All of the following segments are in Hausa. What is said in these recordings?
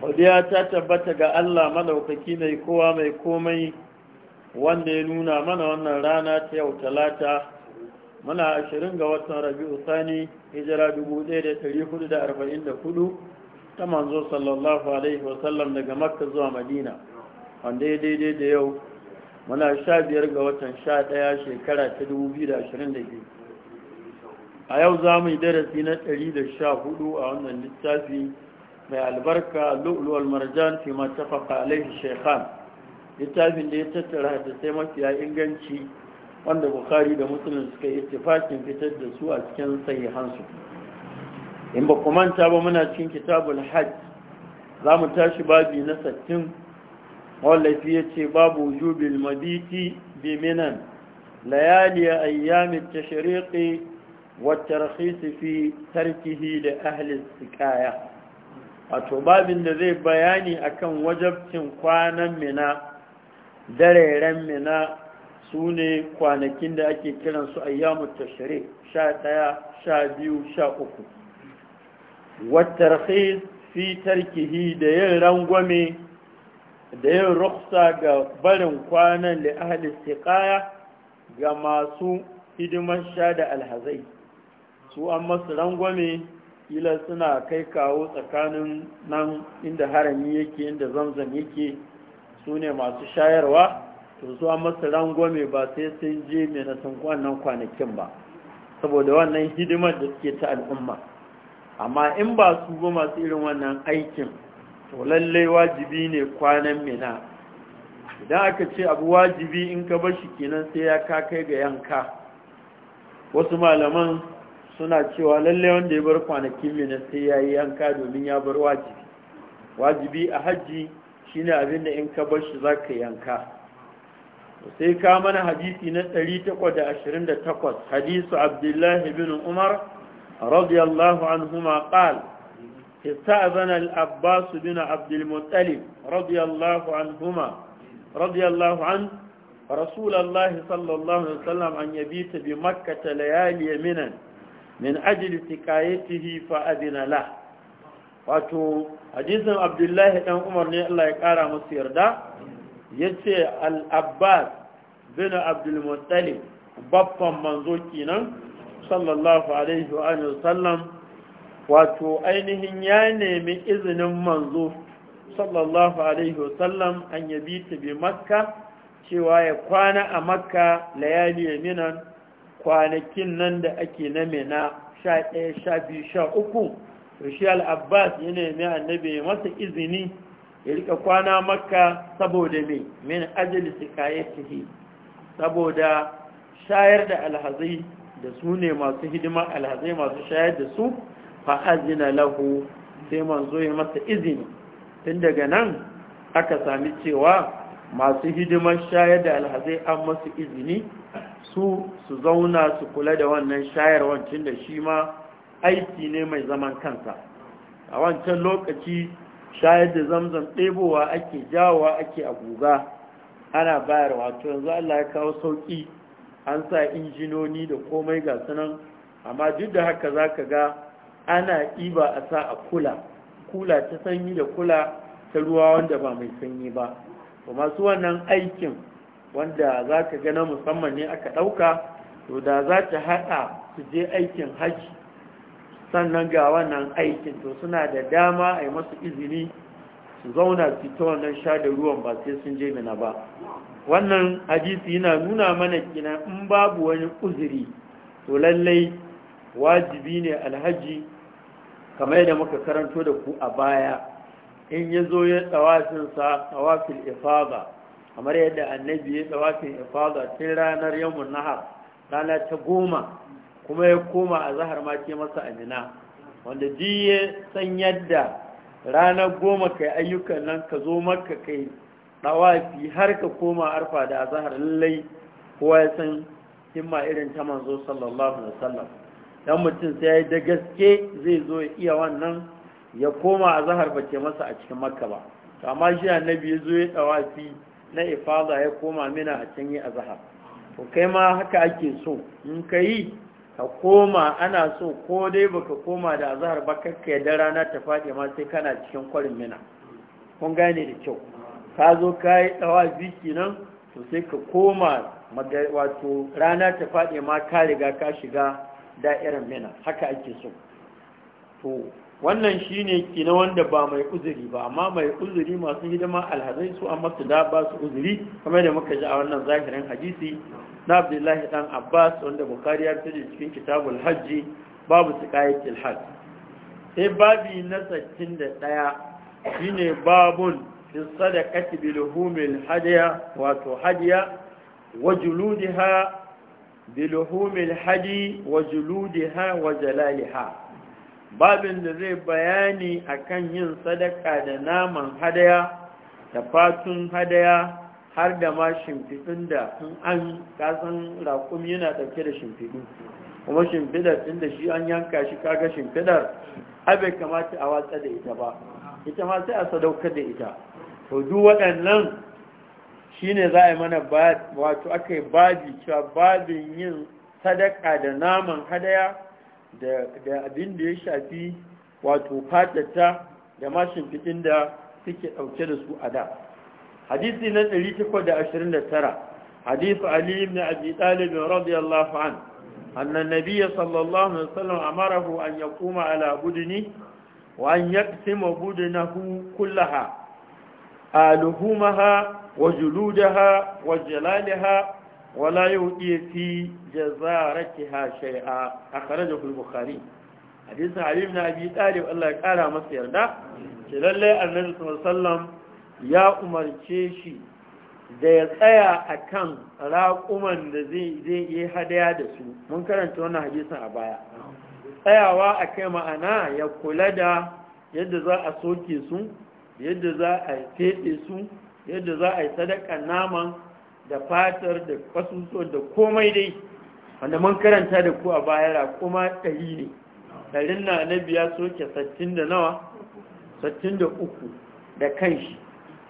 godiya ta tabbata ga Allah madaukaki mai kowa mai komai wanda ya nuna mana wannan rana ta yau talata muna ashirin ga watan rabi'u sani hijira 1444 ta manzo sallallahu alaihi wasallam daga makka zuwa madina wanda ya daidai da yau muna sha biyar ga watan sha ɗaya shekara ta 2022 a yau za mu yi darasi na 114 a wannan littafi mai albarka lu'ulwar marjan fi matafaka alaihi shekhan littafin da ya tattara da sai mafiya inganci wanda bukari da musulun suka yi tifakin fitar da su a cikin sahihansu in ba manta ba muna cikin kitabul hajj za mu tashi babi na sattin wallafi ya ce babu Jubil mabiti bi minan layali ayyamin tashriqi wa tarkhis fi tarkihi da ahli sikaya wato babin da zai bayani akan wajabcin kwanan mina dareren mina su ne kwanakin da ake kiran su ayyamu tashri sha ɗaya sha biyu sha uku watarhis fi tarkihi da yin rangwame da yin ruksa ga barin kwanan da ahli istiqaya ga masu hidimar sha da alhazai su an masu rangwame kila suna kai kawo tsakanin nan inda harami yake inda zamzam yake su ne masu shayarwa to an masu rangwame ba sai sun je mai na wannan kwanakin ba saboda wannan hidimar da suke ta al'umma amma in ba su ba masu irin wannan aikin to lallai wajibi ne kwanan mina idan aka ce abu wajibi in ka bashi kenan sai ya ka kai ga yanka wasu malaman suna cewa lalle wanda ya bar kwanakin mina sai ya yi yanka domin ya bar wajibi wajibi a hajji shine abin da in ka bar shi za ka yanka sai ka mana hadisi na 828 hadisu abdullahi bin umar radiyallahu anhuma qal استأذن الأباس بن عبد المطلب رضي الله عنهما رضي الله عنه رسول الله صلى الله عليه وسلم أن يبيت بمكة ليالي منا min ajli tiqayatihi fa adina la wato hadisin abdullahi dan umar ne Allah ya kara musu yarda yace al-abbas bin abdul muttalib babban manzo kinan sallallahu alaihi wa alihi wato ainihin ya nemi izinin manzo sallallahu alaihi wa an yabi ta bi makka cewa ya kwana a makka layali minan kwanakin nan da ake na mena sha ɗaya sha biyu sha uku rishi al'abbas ya nemi annabi masa izini ya rika kwana maka saboda mai min ajali sikayatihi saboda shayar da alhazai da su ne masu hidima alhazai masu shayar da su fa'azina lahu sai manzo ya masa izini tun daga nan aka sami cewa masu hidimar shayar da alhazai an masu izini su su zauna su kula da wannan shayar tun da shi ma aiki ne mai zaman kansa a wancan lokaci shayar da zamzam ɗebowa ake jawowa ake a guga ana bayarwa to yanzu Allah ya kawo sauƙi an sa injinoni da komai ga sanan amma duk da haka za ka ga ana ɗiba a sa a kula kula ta sanyi da kula ta ruwa wanda ba mai sanyi ba masu wannan aikin wanda za ka gana musamman ne aka ɗauka to da za ta haɗa su je aikin hajji sannan ga wannan aikin to suna da dama a yi masu izini su zauna su ta wannan sha da ruwan ba sai sun je mina ba wannan hadisi yana nuna mana kina in babu wani uzuri to lallai wajibi ne alhaji kamar yadda muka karanto da ku a baya in ya zo ya tsawafinsa tsawafin ifaba kamar yadda annabi ya tsawafin ifada tun ranar yammun nahar rana ta goma kuma ya koma a zahar ma ce masa amina wanda ji ya san yadda ranar goma kai ayyukan nan ka zo maka kai tsawafi har ka koma arfa da a zahar lallai kowa ya san himma irin ta manzo sallallahu alaihi wasallam dan mutum sai da gaske zai zo ya iya wannan ya koma a zahar ba ce masa a cikin makka ba kama shi annabi ya zo ya tsawafi na ifada ya koma mina a can yi azhar to kai ma haka ake so in ka yi ka koma ana so ko dai baka koma da azhar ba kakkai da rana ta faɗi ma sai kana cikin kwarin mina kun gane da kyau ka zo ka yi biki nan to sai ka koma wato rana ta faɗi ma ka riga ka shiga da'irar mina haka ake so to wannan shine kina wanda ba mai uzuri ba amma mai uzuri masu hidima alhazai su amma su da ba su uzuri kamar da muka ji a wannan zahirin hadisi na abdullahi dan abbas wanda bukari ya fitar cikin kitabul hajji babu siqayatil hajj sai babi na Shi shine babun fi sadaqati bil humil hadiya wato hadiya wa juludiha bil humil hadi wa juludiha wa jalaliha babin da zai bayani akan yin sadaka da naman hadaya da fatun hadaya har da ma shimfiɗin da in an kasan raƙum yana ɗauke da shimfidin, kuma shimfidar ɗin da shi an yanka shi kaga shimfiɗar abe kamata a watsa da ita ba ita ma sai a sadaukar da ita to duk waɗannan shine za a yi mana wato aka yi babi cewa babin yin sadaka da naman hadaya da abin da ya shafi wato fatata da mashin fitin da suke ɗauke da su a da hadisi na 829 hadisi ali ibn abi talib radiyallahu an anna nabiyya sallallahu alaihi wasallam amarahu an yaquma ala budni wa an yaqsima budnahu kullaha aluhumaha wa juludaha wa jalaliha ولا يؤتي في جزارتها شيئا أخرجه البخاري حديث علي بن أبي طالب الله قال ما سيرنا لله النبي صلى الله عليه وسلم يا أمر تشيشي da ya tsaya a kan raƙuman da zai yi hadaya da su mun karanta wannan hadisin a baya tsayawa a kai ma'ana ya kula da yadda za a soke su yadda za a feɗe su yadda za a yi sadakan naman da fatar da kasusuwan da komai dai wanda mun karanta da ku a bayara kuma ɗari ne ɗarin na annabi ya soke sattin da nawa sattin da uku da kan shi.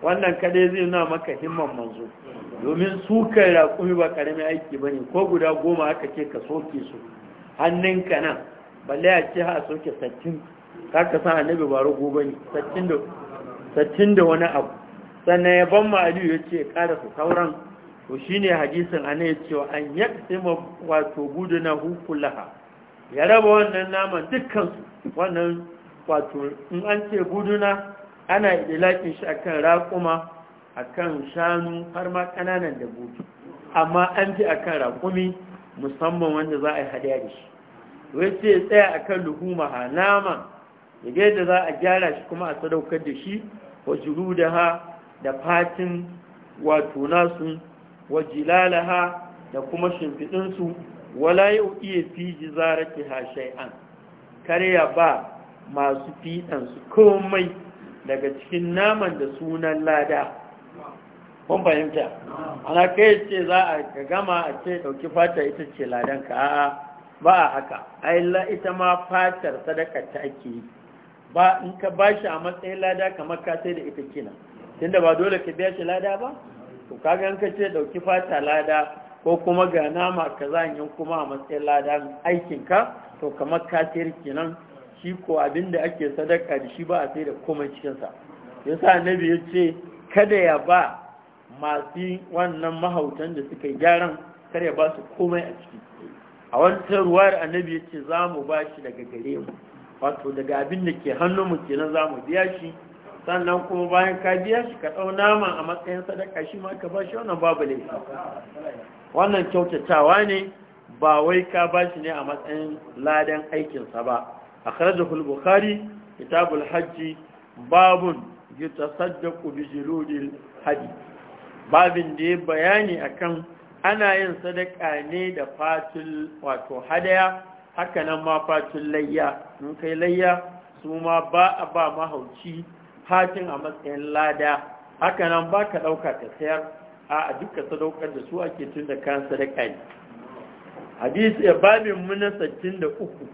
wannan kaɗai zai na maka himman manzo domin su kai raƙumi ba ƙaramin aiki ba ne ko guda goma aka ce ka soke su hannunka nan balle a ce ha soke sattin ka ka sa annabi ba rago ba ne sattin da wani abu sannan ya ban ma aliyu ya ce ƙara sauran to shine hadisin ana ya cewa an yaksima wato na hukulaha ya raba wannan naman dukkan wannan wato in an ce na, ana ilakin shi akan raƙuma akan shanu har ma ƙananan gudu amma an fi akan raƙumi musamman wanda za a yi hadiya da shi wai ce tsaya akan luhuma ha nama da yadda za a gyara shi kuma a sadaukar da shi wa ha, da fatin wato nasu wa jilalaha da kuma shimfiɗinsu wala yau iya fi jizarati ha shay'an karya ba masu fiɗansu komai daga cikin naman da sunan lada kun fahimta ana kai ce za a gama a ce ɗauki fata ita ce ladanka a'a ba a haka ayyalla ita ma fatar sadaka ta ake yi ba in ka bashi a matsayin lada kamar ka sai da ita kina tunda ba dole ka biya shi lada ba to kaga an kace dauki fata lada ko kuma ga nama kaza yi kuma a matsayin ladan aikinka to kamar ka sayar kenan shi ko abinda ake sadaka da shi ba a sai da komai cikinsa yasa annabi ya ce kada ya ba masu wannan mahautan da suka gyaran kada ya ba su komai a ciki a wata ruwayar annabi ya ce za mu ba shi daga gare mu wato daga abin da ke mu kenan za mu biya shi sannan kuma bayan ka biya shi ka ɗau nama a matsayin sadaka shi ma ka ba shi wannan babu laifi wannan kyautatawa ne ba wai ka ba shi ne a matsayin ladan aikinsa ba a kharajahul bukhari kitabul hajji babun yutasaddaqu bi jirudin hadi babin da ya bayani akan ana yin sadaka ne da fatul wato hadaya hakanan nan ma fatul layya in kai layya su ma ba a ba mahauci Hakin a matsayin lada haka nan ba ka ɗauka ta sayar a duka sadaukar da su ake tun da kan sadaka ne hadisi ya eh, babin muna uku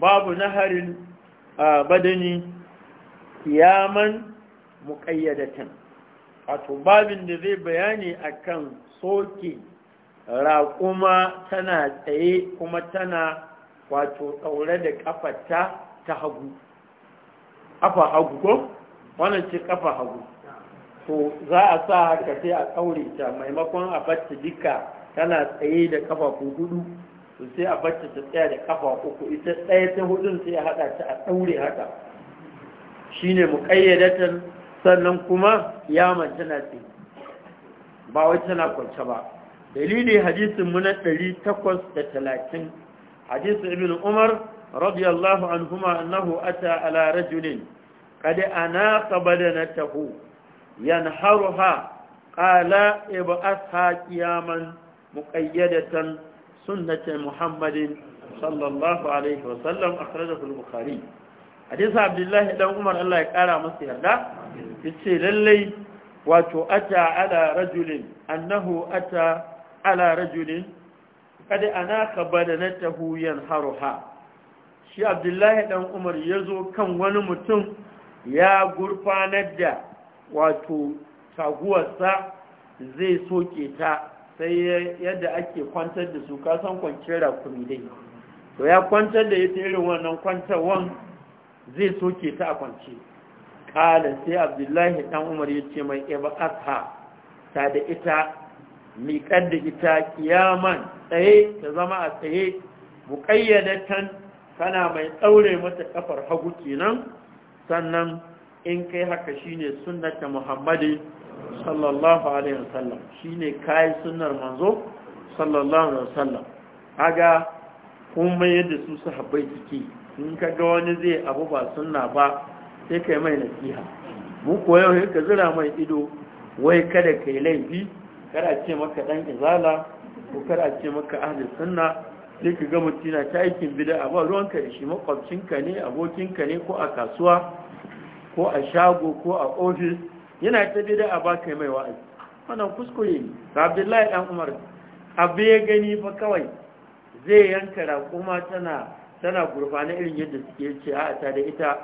babu naharin badani kiyaman muƙayyadatan wato babin da zai bayani a kan soke raƙuma tana tsaye kuma tana wato ɗaure da ƙafata ta hagu ƙafa hagu ko wannan ce kafa hagu to za a sa haka sai a ɗaure ta maimakon a bacci duka tana tsaye da kafa ko hudu to sai a bacci ta tsaya da kafa uku ita ɗaya ta hudun sai a haɗa ta a ɗaure haka shine mu muƙayyadatan sannan kuma yaman tana ce ba wai tana kwance ba dalili hadisin mu na 830 hadisin ibn umar radiyallahu anhuma annahu ata ala rajulin kada ana ka bada na tahu yan haru ha kala ibu asa kiyaman muƙayyadatan sunnatin muhammadin sallallahu alaihi wasallam a kare da sulubu kari a abdullahi dan umar allah ya kara masu yarda ya ce lallai wato ata ala rajulin annahu ata ala rajulin kada ana ka na tahu yan haru shi abdullahi dan umar ya zo kan wani mutum ya gurfanar da wato taguwarsa zai soke ta sai yadda ake kwantar da su kasan kwanciyar rakumi dai to ya kwantar da ita irin wannan kwantarwan zai soke ta a kwanci ƙala sai abdullahi ɗan umar ya ce mai eba aka ta da ita miƙar da ita kiyaman tsaye ta zama a tsaye muƙayyadatan kana mai tsaure mata ƙafar hagu kenan sannan in kai haka shine sunnata Muhammadu sallallahu alaihi wasallam shine kai sunnar manzo sallallahu alaihi wasallam kaga kun mai yadda su sahabbai suke in ga wani zai abu ba sunna ba sai kai mai nasiha mu ko yau sai ka zira mai ido wai kada kai laifi kada ce maka dan izala ko kada ce maka ahli sunna sai ka ga mutum yana ta aikin bid'a a ba ruwanka da shi makwabcinka ne abokinka ne ko a kasuwa ko a shago ko a ofis yana ta bid'a ba kai mai wa'azi wannan kuskure ne Abdullahi dan Umar abu ya gani fa kawai zai yanka raƙuma tana tana gurfana irin yadda suke ce a ta da ita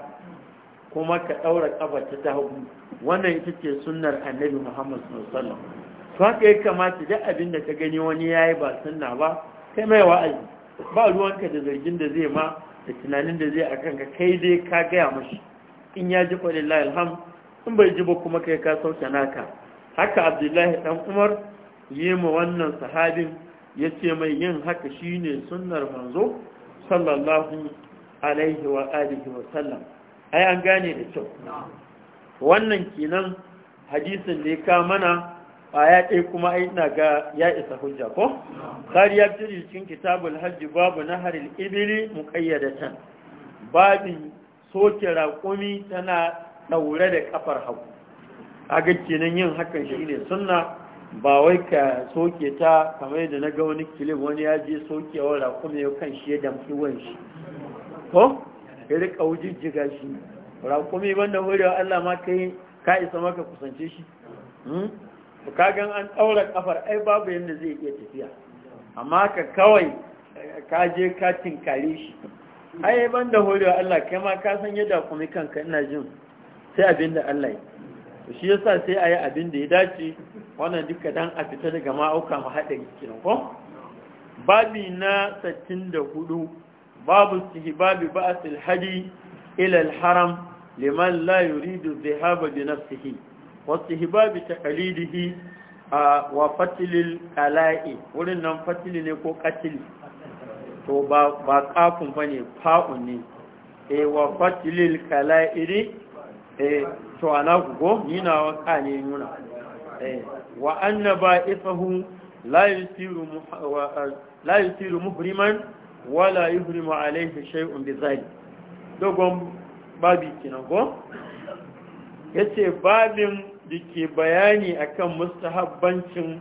kuma ka ɗaura ƙafa ta ta wannan ita ce sunnar annabi muhammad sallallahu alaihi wasallam to haka ya kamata duk abin da ka gani wani yayi ba sunna ba kai mai wa'azi ba ruwanka da zargin da zai ma da tunanin da zai a kanka. kai dai ka gaya mashi in ya ji layi, alham in bai ji ba kuma kai ka sauka naka haka abdullahi dan umar yi ma wannan sahabin ya ce mai yin haka shi ne sunnar manzo sallallahu alaihi wa alihi wa sallam ai an gane da kyau wannan kenan hadisin da ya ka mana aya ɗaya kuma ina ga ya isa hujja ko kari ya cikin kitabul hajji babu na mu kayyada can babin soke raƙumi tana ɗaure da kafar hagu aga nan yin hakan shi ne suna ba wai ka soke ta kamar yadda na ga wani kilim wani ya je wa raƙumi ya kan shi ya damfi wan shi ko ya rika wujijjiga shi raƙumi banda wurewa Allah ma yi ka isa maka kusance shi hmm? ka kagan an ɗaura kafar ai babu yadda zai iya tafiya amma ka kawai ka je ka shi ai ban da horewa Allah kai ma ka san yadda kuma kanka ina jin sai abin da Allah ya shi yasa sai a yi abin ya dace wannan duka dan a fita daga ma'auka mu haɗari kenan ko babi na 64 babu istihbabi ba'sil hadi ila al-haram liman la yuridu dhahaba bi nafsihi واستهباب تقليده وفتل nan ورنن فتل ko katili to ba kafin ba ne fa'un ne e wa fatilil kala'iri e to ana gugo na wa kane nuna e wa annaba ifahu la yusiru la yusiru muhriman wala yuhrimu alayhi shay'un bi zalik dogon babi kinan ko yace babin dake bayani akan mustahabbancin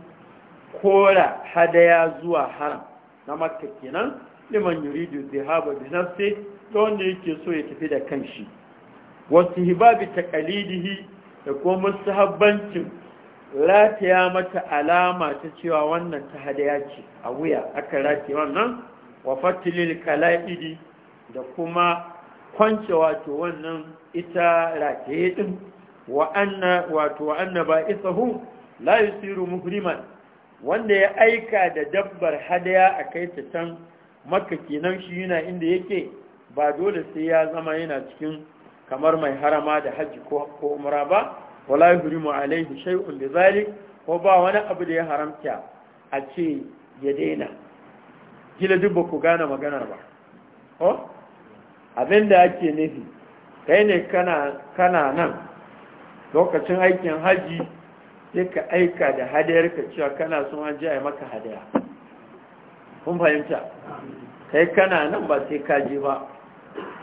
kora hadaya zuwa haram na makka kenan liman yuridu zihaba bi nafsi wanda yake so ya tafi da kanshi Wasu ta kalidihi da kuma mustahabbancin rataya mata alama ta cewa wannan ta hadaya ce a wuya aka rataye wannan wa fatilil kala'idi da kuma kwance wato wannan ita rataye din wa anna wato wa anna ba'isahu la yusiru muhriman wanda ya aika da dabbar hadaya a kai ta can makka kenan shi yana inda yake ba dole sai ya zama yana cikin kamar mai harama da hajji ko umra ba wala yuhrimu alaihi shay'un bi zalik ko ba wani abu da ya haramta a ce ya daina gila duk ba ku gane maganar ba ko abinda ake nufi kai ne kana kana nan lokacin aikin haji sai ka aika da hadayar ka cewa kana son haji a maka hadaya kun fahimta kai kana nan ba sai ka je ba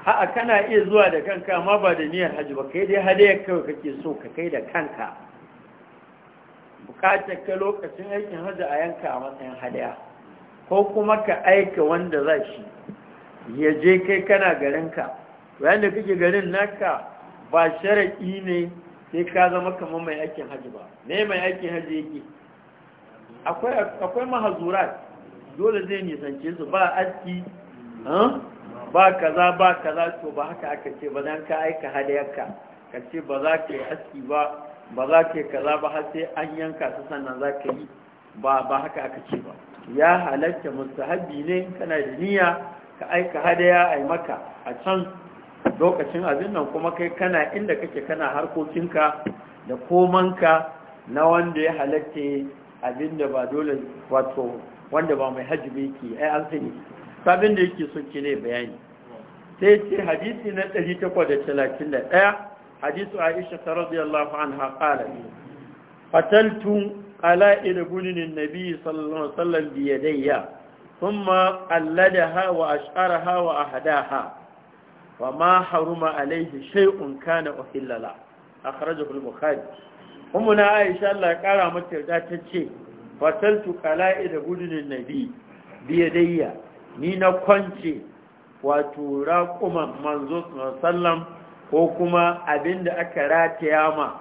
a kana iya zuwa da kanka amma ba da niyyar haji ba kai dai hadayar kawai kake so ka kai da kanka bukatar ka lokacin aikin haji a yanka a matsayin hadaya ko kuma ka aika wanda za shi ya je kai kana garinka wanda kake garin naka ba sharaɗi ne sai ka zama kamar mai aikin haji ba ne mai aikin haji yake akwai mahazura dole zai nisance su ba aski eh? ba kaza ba kaza to ba haka aka ce ba zan ka aika hadayarka ka ce ba za ka yi aski ba ba za ka yi kaza ba har sai an yanka su sannan za ka yi ba ba haka aka ce ba ya halatta habi ne kana da niyya ka aika hadaya yi maka a can lokacin abin nan kuma kai kana inda kake kana harkokinka da komanka na wanda ya halatta abin da ba dole wato wanda ba mai hajji ba yake ai an sani sabin da yake so ki ne bayani sai ce hadisi na 831 hadisu Aisha radiyallahu anha qala fataltu ila bunin nabi sallallahu alaihi wasallam bi yadayya thumma alladaha wa ash'araha wa ahdaha wa ma haruma alaihi shay'un kana uhillala akhrajahu al-bukhari na aisha Allah ya kara mata yarda tace fataltu qala'id gudunin nabi biyadayya ni na kwance wato raquman manzo sallam ko kuma abinda aka rataya ma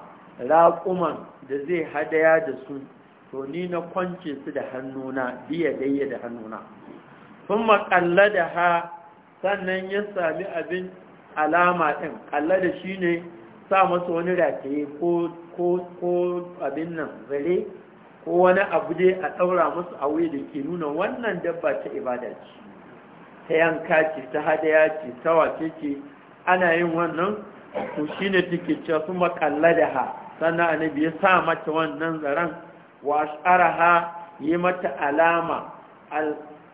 raquman da zai hadaya da su to ni na kwance su da hannuna biyadayya da hannuna da qalladaha sannan ya sami abin alama ɗin da shi ne sa masa wani rataye ko abin nan zare ko wani abu dai a ɗaura masu aure da ke nuna wannan dabba ta ibada ce ta yanka ce ta hadaya ce ta wace ce ana yin wannan ku shi ne take cewa su makalla da ha sannan annabi ya sa mata wannan zaren wa ashara ha yi mata alama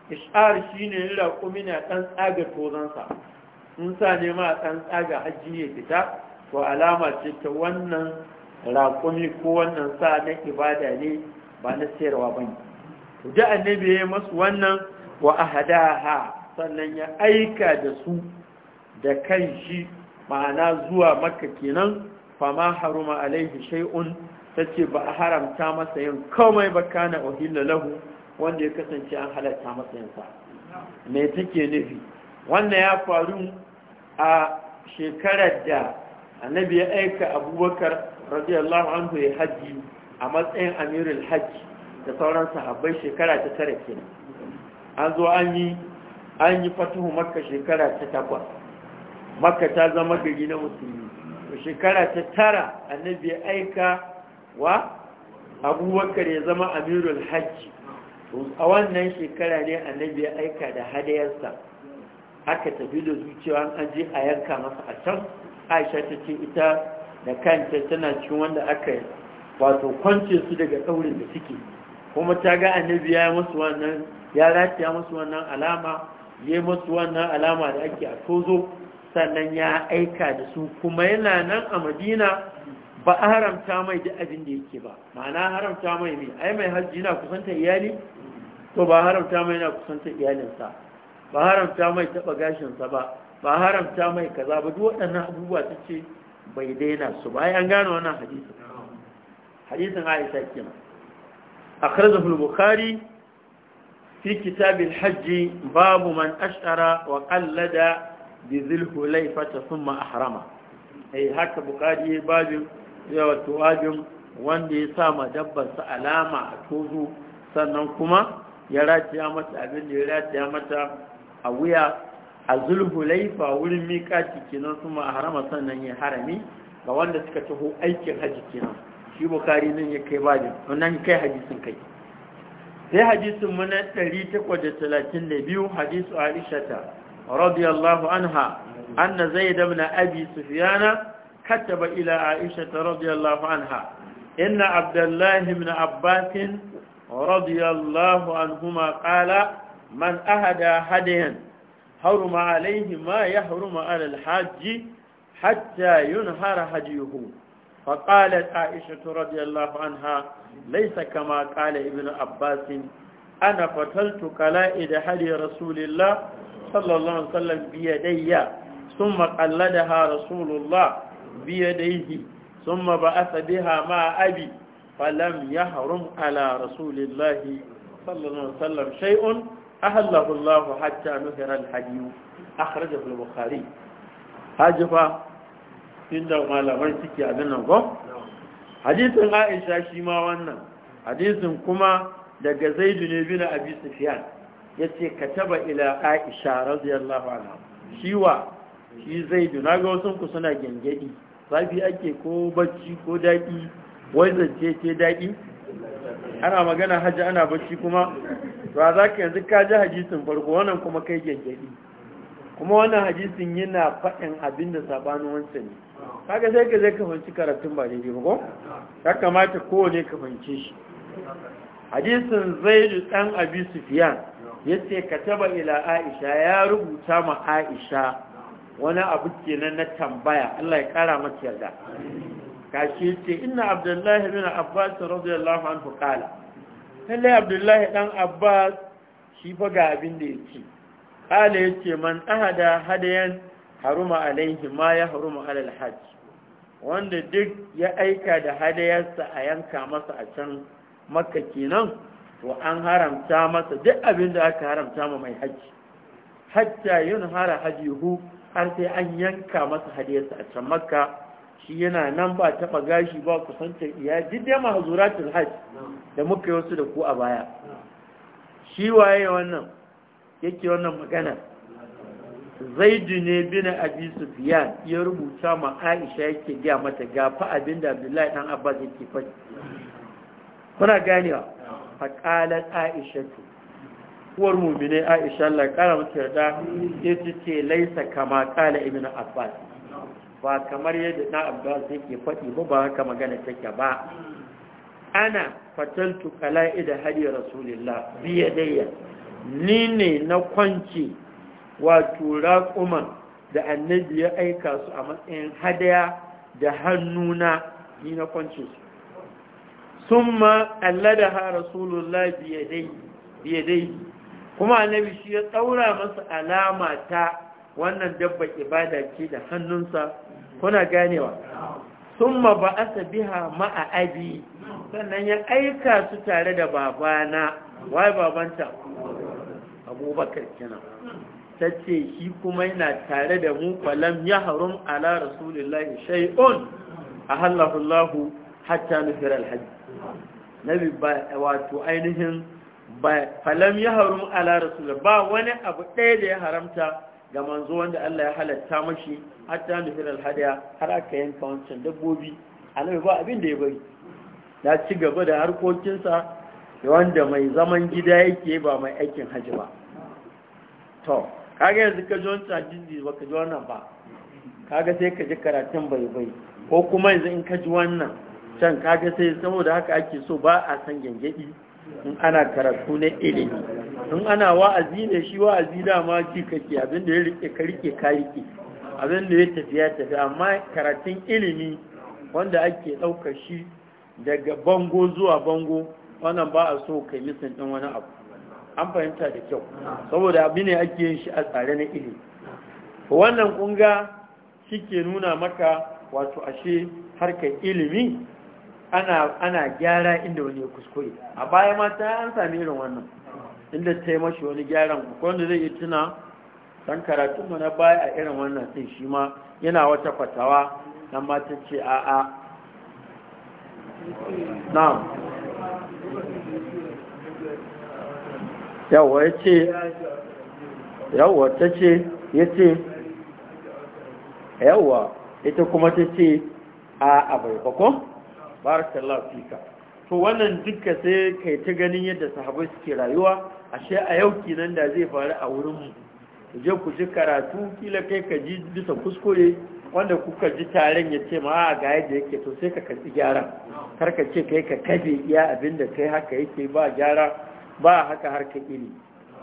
ishar shi ne raƙumi na ɗan tsaga tozonsa in sa ne ma ɗan tsaga hajji ya fita to alama ce ta wannan raƙumi ko wannan sa na ibada ne ba na sayarwa ba ne to da annabi ya yi masu wannan wa ahadaha sannan ya aika da su da kan shi ma'ana zuwa Makka kenan fama haruma alaihi shay'un tace ba a haramta masa yin komai ba kana uhilla lahu wanda ya kasance an halatta matsayinsa me take nufi wannan ya faru a shekarar da annabi ya aika abubakar radiyallahu anhu ya hajji a matsayin amirul hajji da sauran sahabbai shekara ta tara ke an zo an yi an yi fatuhu makka shekara ta takwas makka ta zama gari na musulmi shekara ta tara annabi ya aika wa abubakar ya zama amirul hajji a wannan shekara ne annabi ya aika da hadayarsa aka tafi da zuciya an je a yanka masa a can aisha ta ce ita da kanta tana cikin wanda aka wato kwance su daga ɗaurin da suke kuma ta ga annabi ya masu wannan ya rataya masu wannan alama ya masu wannan alama da ake a tozo sannan ya aika da su kuma yana nan a madina ba a haramta mai da abin da yake ba ma'ana haramta mai mai ai mai hajji na kusanta iyali to ba haramta mai na kusanta iyalinsa ba haramta mai taɓa gashinsa ba ba haramta mai kaza ba duk waɗannan abubuwa ta ce bai daina su ba an gane wannan hadisin hadisin aisha kenan akhrajahu al-bukhari fi kitab al-hajj babu man ashara wa qallada bi dhil hulayfa thumma ahrama eh haka bukhari babin ya wato wanda ya sa ma dabbar sa alama a tozo sannan kuma ya rataya mata abin da ya rataya mata a wuya a zulhulaifa wurin miƙaci kenan su ma harama sannan ya harami ga wanda suka taho aikin haji kenan shi bukari nan ya kai bajin wannan kai hadisin kai sai hadisin muna 832 hadisu aishata radiyallahu anha anna zaid ibn abi sufyan kataba ila aishata radiyallahu anha inna abdullahi ibn abbas رضي الله عنهما قال من أهدى هديا حرم عليه ما يحرم على الحاج حتى ينهر هديه فقالت عائشة رضي الله عنها ليس كما قال ابن عباس أنا قتلت كلائد هدي رسول الله صلى الله عليه وسلم بيدي ثم قلدها رسول الله بيديه ثم بعث بها مع أبي falam ya harum ala rasulillahi sallallahu alaihi wasallam shay'un ahallahu hatta nuhira al-hadiyu akhrajahu al-bukhari hajifa inda malaman suke a nan hadisin Aisha shi ma wannan hadisin kuma daga Zaid ne bin Abi Sufyan yace kataba ila Aisha radiyallahu anha shiwa shi Zaid ga wasu ku suna gengedi zafi ake ko bacci ko daɗi wai zance ce daɗi ana magana hajji ana bacci kuma ba za ka yanzu ka ji hadisin farko wannan kuma kai gyaggyaɗi kuma wannan hadisin yana faɗin abin da sabanin wancan ne kaga sai ka zai ka fahimci karatun ba daidai ba ko ya kamata kowane ka fahimce shi hadisin zaidu dan abi sufyan ka taba ila aisha ya rubuta ma aisha wani abu kenan na tambaya Allah ya kara mata yarda kashi ce inna abdullahi bin abbas radiyallahu anhu kala lalle abdullahi dan abbas shi fa ga abin da yake kala yace man ahada hadayan haruma alaihi ma ya haruma alal hajj wanda duk ya aika da hadayarsa a yanka masa a can makka kenan to an haramta masa duk abin da aka haramta ma mai hajji hatta yun hara hajihu har sai an yanka masa hadayarsa a can makka shi yana nan ba taɓa gashi ba kusantar iya ma mahazuratul hajj da muka yi wasu da ku a baya shi waye wannan yake wannan magana zaidu ne bin abi sufyan ya rubuta ma aisha yake gaya mata gafa abin da abdullahi dan abbas yake faɗi kuna ganewa qala aisha tu. uwar ne aisha Allah ƙara mata yarda ya ce laisa kama ƙala ibnu abbas ba kamar yadda na abbas yake faɗi ba ba haka magana take ba ana fataltu kala'ida hadi rasulillah biya daya ni ne na kwance wato raƙuman da annabi ya aika su a matsayin hadaya da hannuna ni na kwance su sun ma allada ha rasulullah biya dai kuma annabi shi ya tsaura masa alama ta wannan dabba ibada ce da hannunsa kuna ganewa summa ba asa biha ma'a abi sannan ya aika su tare da babana wai babanta abubakar Kina ta ce shi kuma yana tare da mu kwalam ya harum ala rasulullahi shay'un a halahullahu hatta nufir alhaji nabi ba wato ainihin kwalam ya harum ala rasulullahi ba wani abu ɗaya da ya haramta ga manzo wanda Allah ya halatta mashi har hatta nufin alhadiya har aka yanka wancan dabbobi annabi ba abin da ya bari ya ci gaba da harkokinsa wanda mai zaman gida yake ba mai aikin haji ba to kaga yanzu ka ji wancan jinji ba ka ji wannan ba kaga sai ka ji karatun bai bai ko kuma yanzu in ka ji wannan can kaga sai saboda haka ake so ba a san gyangyaɗi in ana karatu na ilimi in ana wa'azi ne shi wa'azi dama ji kake abin da ya rike ka rike ka rike abin da ya tafi ya tafi amma karatun ilimi wanda ake ɗaukar shi daga bango zuwa bango wannan ba a so kai misin ɗin wani abu an fahimta da kyau saboda abu ne ake yin shi a tsare na ilimi wannan kunga shi ke nuna maka wato ashe harkar ilimi ana gyara inda wani ya kuskure a baya ma ta an sami irin wannan inda ta yi mashi wani gyaran wanda zai yi tuna don karatunmu na baya a irin wannan sai shi ma yana wata fatawa na mata ce a a na yawwa ya ce yawwa ta ce ya ce yawwa ita kuma ta ce a abai bakon barakallahu fika to wannan duka sai kai ta ganin yadda sahabbai suke rayuwa ashe a yau kinan da zai faru a wurin mu je ku ji karatu kila kai ka ji bisa kuskure wanda kuka ji tarin ya ce ma a ah, ga yadda yake to sai ka karbi gyara kar ka ce kai ka kabe iya abinda kai haka yake ba gyara ba haka har ka iri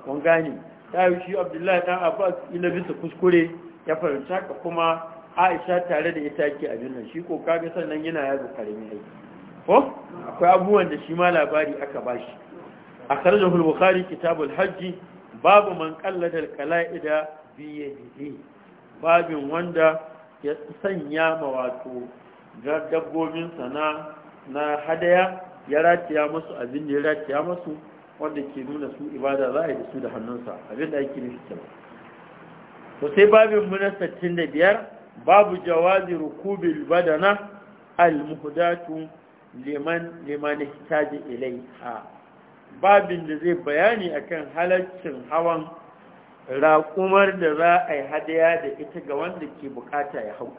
kun gane ta yi shi abdullahi dan abbas ila bisa kuskure ya faranta ka kuma aisha tare da ita ke abin jinnan shi ko kaga sannan yana yaro karami aiki ko akwai abubuwan da shi ma labari aka bashi a sarjahu bukhari kitabul hajji babu man qallada al-qala'ida bi yadihi babin wanda ya sanya ma wato dabbobin sana na hadaya ya rataya musu abin da ya rataya musu wanda ke nuna su ibada za a yi da su da hannunsa abin da ake nufi kenan to sai babin mu da 65 babu jawazi rukubil badana al-muhdatu liman liman ihtaji ilaiha babin da zai bayani akan halaccin hawan raƙumar da za a yi hadaya da ita ga wanda ke bukata ya hau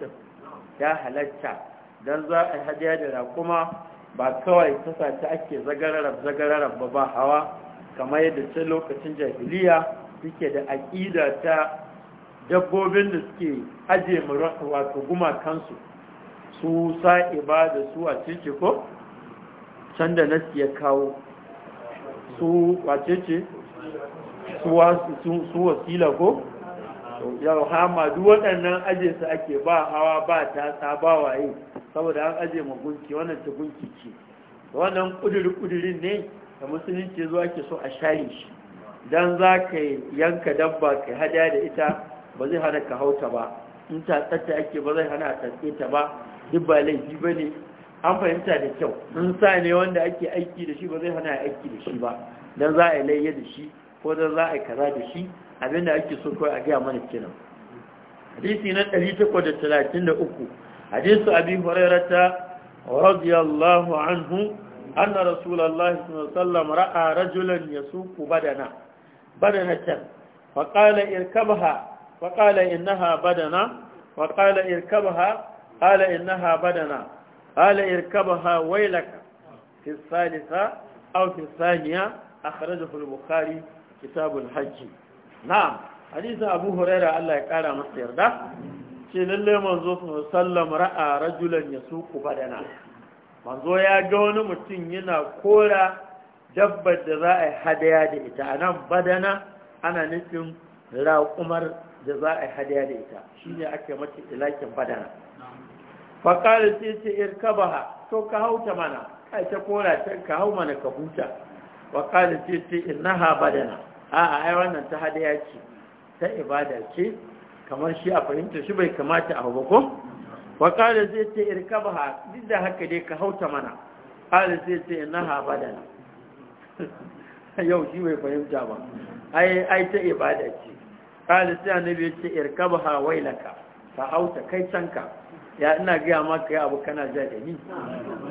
ya halatta don za a yi hadaya da raƙuma ba kawai ta ake zagararar zagararar ba ba hawa kamar yadda ce lokacin jahiliya suke da aƙida ta dabbobin da suke aje wato kansu, su sa'iba da su a cece ko can da na ya kawo su wacece su wasila ko yau hama duk waɗannan aje su ake ba hawa ba ta saba waye saboda an aje ma gunki wannan ta gunki ce wannan ƙudurin ne da musulunci zuwa ke so a share shi don za ka yanka dabba ka hada da ita ba zai hana ka hauta ba in tatsatta ake ba zai hana tatse ta ba duk ba laifi ba ne an fahimta da kyau in sa ne wanda ake aiki da shi ba zai hana aiki da shi ba don za a yi layya da shi ko don za a yi kaza da shi abinda ake so kawai a gaya mana kinan hadisi na 833 hadisu abi hurairata radiyallahu anhu anna rasulullahi sallallahu alaihi wasallam ra'a rajulan yasuqu badana badanatan fa qala irkabha فقال إنها بدنا وقال اركبها قال إنها بدنا قال اركبها ويلك في الثالثة أو في الثانية أخرجه البخاري كتاب الحج نعم حديث أبو هريرة الله يقال مصير ده ce lalle manzo sallam ra'a rajulan ya suku manzo ya ga wani mutum yana kora dabbar da za a yi hadaya da ita a nan badana ana nufin raƙumar da za a yi hadaya da ita shi ne ake mace ilakin badana faƙari sai ce ha to ka hauta mana kai ta kora ta ka hau mana ka huta faƙari sai ce ha badana a'a ai wannan ta hadaya ce ta ibada ce kamar shi a fahimta shi bai kamata a hau ko faƙari sai ce ha duk da haka dai ka hauta mana ƙari sai ce ha badana yau shi bai fahimta ba ai ta ibada ce ƙali sai annabi ya ce irkaba ha wailaka ka auta kai canka ya ina gaya ma kai abu kana ja da ni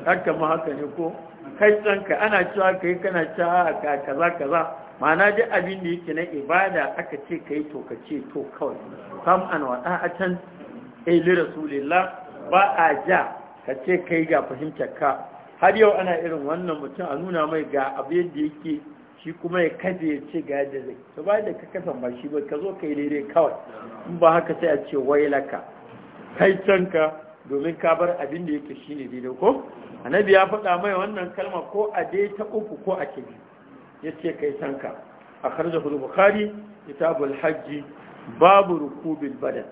haka ma haka ne ko kai canka ana cewa kai kana cewa ka kaza kaza ma'ana duk abin da yake na ibada aka ce kai to ka ce to kawai kam an wa a can li rasulillah ba a ja ka ce kai ga fahimtar ka har yau ana irin wannan mutum a nuna mai ga abin da yake shi kuma ya kaje ya ce ga yadda zai to ba da ka kasan ba shi ba ka zo ka yi daidai kawai in ba haka sai a ce laka kai canka domin ka bar abin da yake shine daidai ko annabi ya faɗa mai wannan kalma ko a dai ta uku ko a kibi ya ce kai canka a hudu bukhari kitabul hajji babu rukubil badan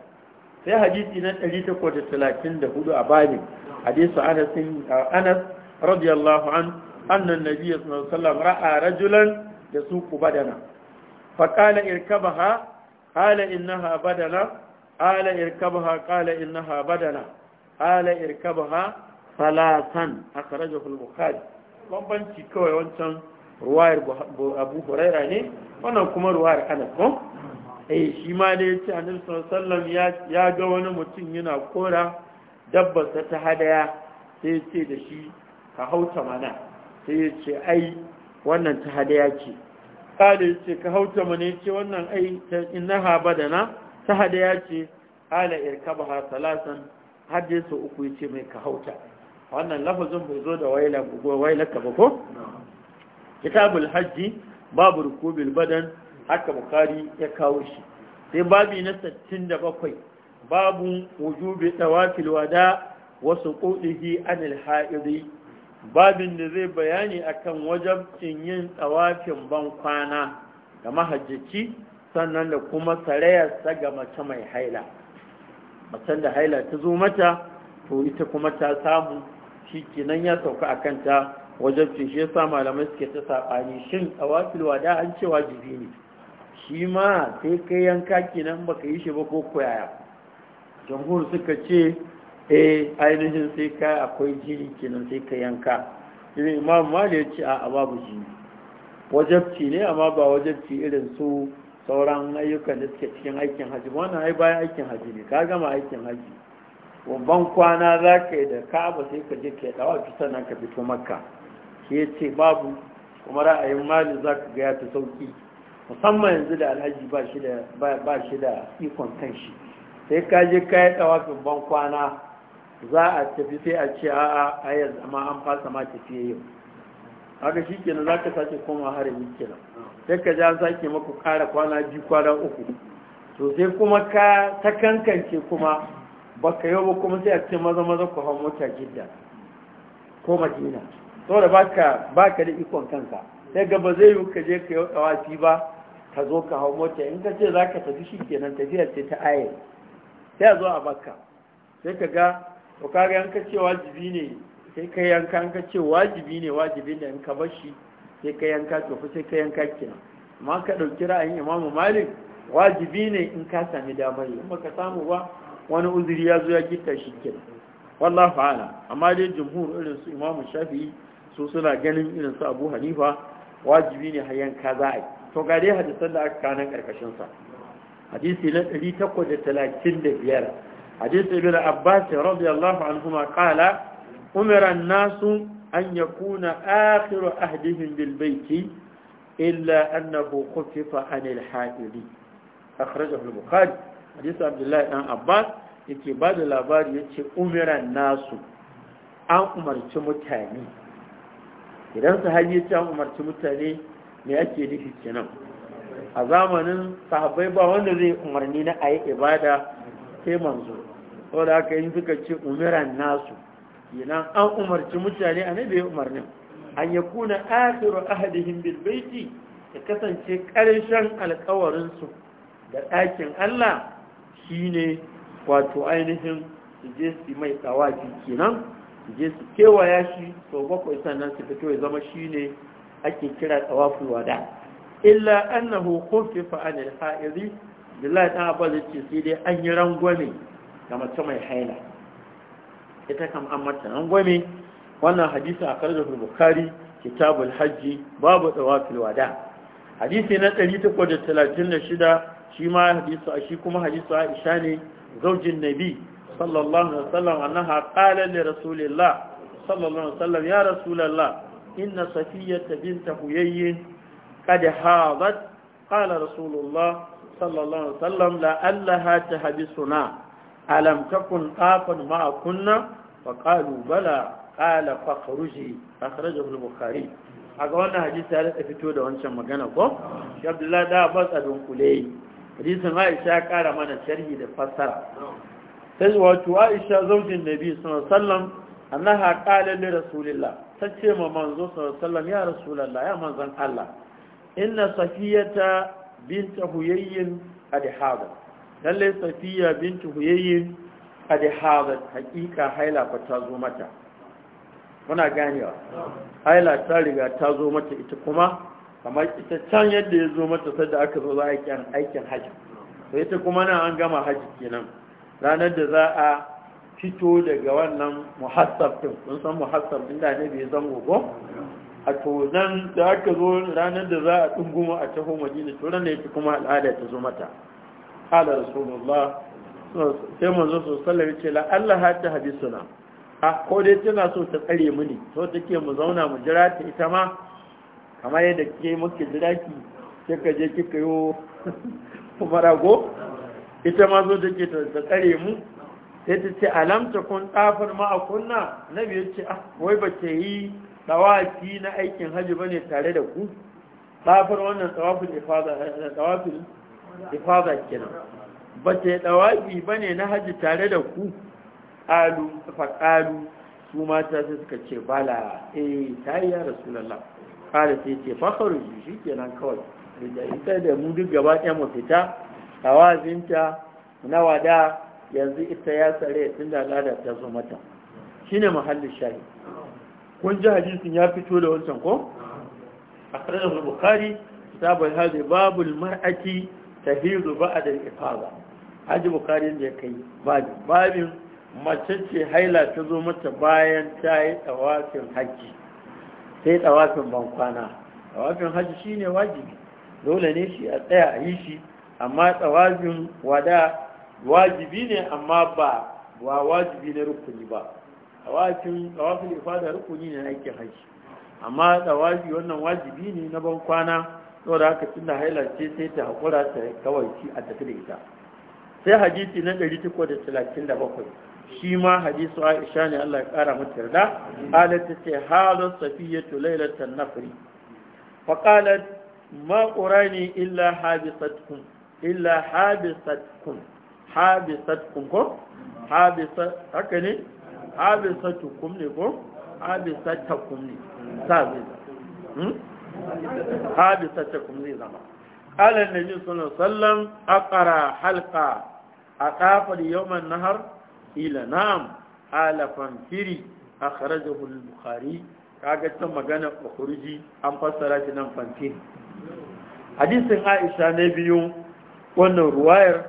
sai hadisi na 834 a babin hadisi anas anas radiyallahu anhu annan nabiyyu sallallahu alaihi wasallam ra'a rajulan yasuqu badana faqala irkabaha qala innaha badana qala irkabaha qala innaha badana qala irkabaha salasan akhrajahu al-bukhari bambanci kawai wancan ruwayar abu huraira ne wannan kuma ruwayar anas ko eh shi ma da ya ce annabi sallallahu ya ga wani mutum yana kora dabbarsa ta hadaya sai ce da shi ka hauta mana sai ya ce ai wannan ta hadaya ce kada ya ce ka hauta mu ne ce wannan ai ta ha badana ta hadaya ce ala ha salasan hadde su uku ya ce mai ka hauta wannan lafazin bai zo da ka ba ko kitabul hajji babu rukubil badan haka bukari ya kawo shi sai babi na 67 babu wujubi tawafil wada wasu qudihi anil haidi babin da zai bayani akan wajabcin yin tsawafin ban kwana ga mahajjaci sannan da kuma sarayarsa ga mace mai haila macen da haila ta zo mata to ita kuma ta samu shi kenan ya sauka a kanta wajabcin shi yasa malamai suke ta saɓani shin tsawafin wada an ce wajibi ne shi ma sai kai yanka kenan baka yi shi ba ko koyaya jamhur suka ce eh ainihin sai ka akwai jini kenan sai ka yanka jini imam mali ya ce a babu jini wajabci ne amma ba wajabci irin su sauran ayyukan da suke cikin aikin haji wannan ai bayan aikin haji ne ka gama aikin haji ban kwana za ka yi da ka'aba sai ka je ka yi dawa fi sannan ka fito makka shi ya ce babu kuma ra'ayin mali za ka ga ya fi sauki musamman yanzu da alhaji ba shi da ikon kanshi sai ka je ka yi dawa ban kwana za a tafi sai a ce a'a a yanzu amma an fasa ma tafiye yau haka shi kenan za ka sake koma harami kenan sai ka ja sake maku kara kwana biyu kwana uku to sai kuma ka ta kankance kuma baka yau ba kuma sai a ce maza maza ku hau mota gidda ko madina da baka baka da ikon kanka sai ga ba zai yi ka je ka yau dawafi ba ka zo ka hau mota in ka ce za ka tafi shi kenan tafiyar ce ta ayar sai a zo a baka sai ka ga to kaga yanka ce wajibi ne sai ka an ka ce wajibi ne wajibi ne in ka bar shi sai ka yanka to fa sai ka yanka kina amma ka dauki ra'ayin imamu Malik wajibi ne in ka sami damar yi baka samu ba wani uzuri ya zo ya gita shi kenan wallahi ala amma dai jumhur irin su imamu Shafi'i su suna ganin irin su Abu Hanifa wajibi ne har yanka za a yi to ga dai hadisan da aka kanan karkashin sa hadisi na 835 حديث ابن عباس رضي الله عنهما قال أمر الناس أن يكون آخر أهدهم بالبيت إلا أنه خفف عن الحائل أخرجه البخاري حديث عبد الله بن عباس yake ba da labari ya ce umiran nasu an umarci mutane idan sahabi ya ce an umarci mutane me ake nufi kenan a zamanin sahabbai ba wanda zai umarni na a yi ibada sai saboda haka yin suka ce umiran nasu kenan an umarci mutane a ya umarnin an yi kuna ahadihim ahadihin bilbaiti ya kasance karshen alkawarinsu su da ɗakin Allah shi ne wato ainihin su je su mai tsawafi kenan su je su kewaya shi sau bakwai sannan su fito ya zama ne ake kira tsawafin wada illa annahu khuffifa anil ha'iri billahi ta'ala ce sai dai an yi rangwame ga mace mai haila ita kam an mata an gwame wannan hadisi a karjar bukari kitabul hajji babu tsawafil wada hadisi na 836 shi ma hadisi shi kuma hadisi Aisha ne zaujin nabi sallallahu alaihi wasallam annaha qala li rasulillah sallallahu alaihi wasallam ya rasulullah inna safiyyata bint huyayy qad hadat qala rasulullah sallallahu alaihi wasallam la allaha tahbisuna Alamtakun takun qafan ma kunna fa qalu bala qala fakhruji akhrajahu al-bukhari aga wannan hadisi ya da fito da wancan magana ko Abdullahi da Abbas al-Kulay hadisin Aisha kara mana sharhi da fassara sai wato Aisha zaujin Nabi sallallahu alaihi wasallam annaha qala li rasulillah Ta ce ma manzo sallallahu alaihi ya rasulallah, ya manzon Allah inna safiyata bint huyayyin adhaba lalle safiya binti huyayyin da hadat hakika haila fa ta zo mata muna ganewa haila ta riga ta zo mata ita kuma kamar ita can yadda ya zo mata sadda aka zo za a yi aikin hajji to ita kuma nan an gama hajji kenan ranar da za a fito daga wannan muhassab sun kun san muhassab da ne bai zango ko a to nan da aka zo ranar da za a dungumo a taho madina to ranar ita kuma al'ada ta zo mata ala rasulullah sai manzo su sallame ce la Allah ta hadisuna a ko dai tana so ta tsare mu ne so take mu zauna mu jira ta ita ma kamar yadda kike muke jira ki kika je kika yo farago ita ma zo take ta tsare mu sai ta ce alam ta kun tsafar ma a kunna na biyu ce ah wai ba ke yi tsawafi na aikin haji bane tare da ku tsafar wannan tsawafin ifada eh, tsawafin ifada kenan ba ta dawafi bane na Hajji tare da ku alu fa su mata sai suka ce bala eh tayi ya rasulullah kada sai ce fa kharuji kenan kawai da ita da mu duk gaba ɗaya mu fita tawazinta na wada yanzu ita ya tsare tun da al'ada ta zo mata shine mahallin shari kun ji hadisin ya fito da wancan ko akhrajahu al-bukhari kitab hadi babul mar'ati tahizu ba'da ifada haji bukari da kai babin babin mace ce haila ta zo mata bayan ta yi tawafin haji sai tawafin bankwana tawafin haji shine wajibi dole ne shi a tsaya a yi shi amma tawafin wada wajibi ne amma ba wa wajibi na rukuni ba tawafin tawafin ifada rukuni ne na aikin haji amma tsawafi wannan wajibi ne na bankwana to da haka tunda haila ce sai ta hakura ta kawai ci a tafi da ita sai hadisi na 337 shi ma hadisu Aisha ne Allah ya kara mata yarda alata ce halu safiyatu lailatan nafri fa qalat ma qurani illa habisatkum illa habisatkum habisatkum ko habisat haka ne habisatukum ne ko habisatakum ne sabi habisatakum zai zama ala nabi sallallahu alaihi wasallam aqara halqa nahar ila na'am ala fanfiri da al-bukhari kaga ta magana bukhari an fassara shi nan fanfiri hadisin Aisha na biyu wannan ruwayar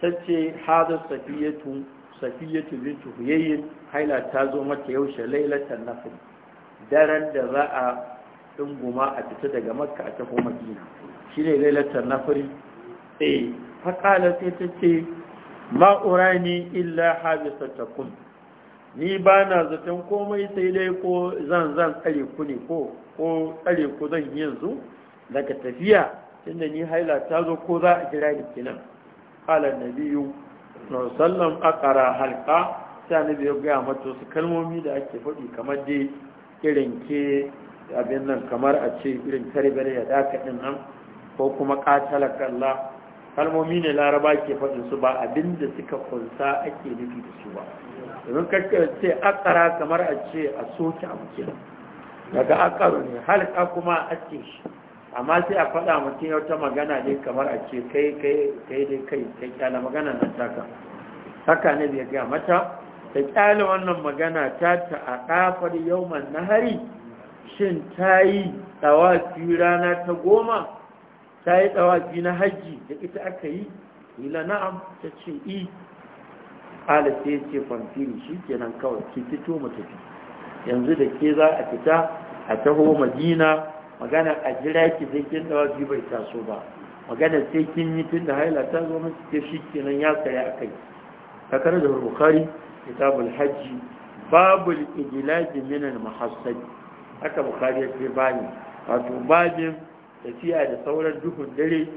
tace hadu safiyatu safiyatu bintu huyayyin haila ta zo mata yaushe lailatan nafil daren da za a ɗunguma a fita daga makka a tafi madina shi ne lailatar nafari a eh, faƙala sai ta ce ne illa habisatakum ni ba na zaton komai sai dai ko zan zan tsare ku ne ko ko tsare ku zan yanzu daga tafiya tunda ni haila ta zo ko za a jira ni kinan qala biyu, sallam aqara halqa sai nabi ya ga mata su kalmomi da ake faɗi kamar dai irin ke abin nan kamar a ce irin karbala ya daka din nan ko kuma qatalaka Allah kalmomi ne laraba ke faɗin su ba abin da suka kunsa ake nufi da su ba domin kakka ce akara kamar a ce a soke a ke daga akaru ne halka kuma a ce shi amma sai a faɗa mutum wata magana ne kamar a ce kai kai kai dai kai kai kyala magana na taka haka ne bai gaya mata ta kyala wannan magana ta ta a yau man nahari shin ta yi tsawafi rana ta goma ta yi tsawafi na hajji da ita aka yi ila na'am ta ce i ala sai ce famfiri shi kenan kawai kifito fito mu tafi yanzu da ke za a fita a taho madina magana a jira ki sai kin bai taso ba magana sai kin yi tun da haila ta zo masu ke shi kenan ya tsaya a kai kakar da bukari kitabul hajji babul ijilaji minan mahassadi haka bukari ya ce bani wato babin tafiya da sauran duhun dare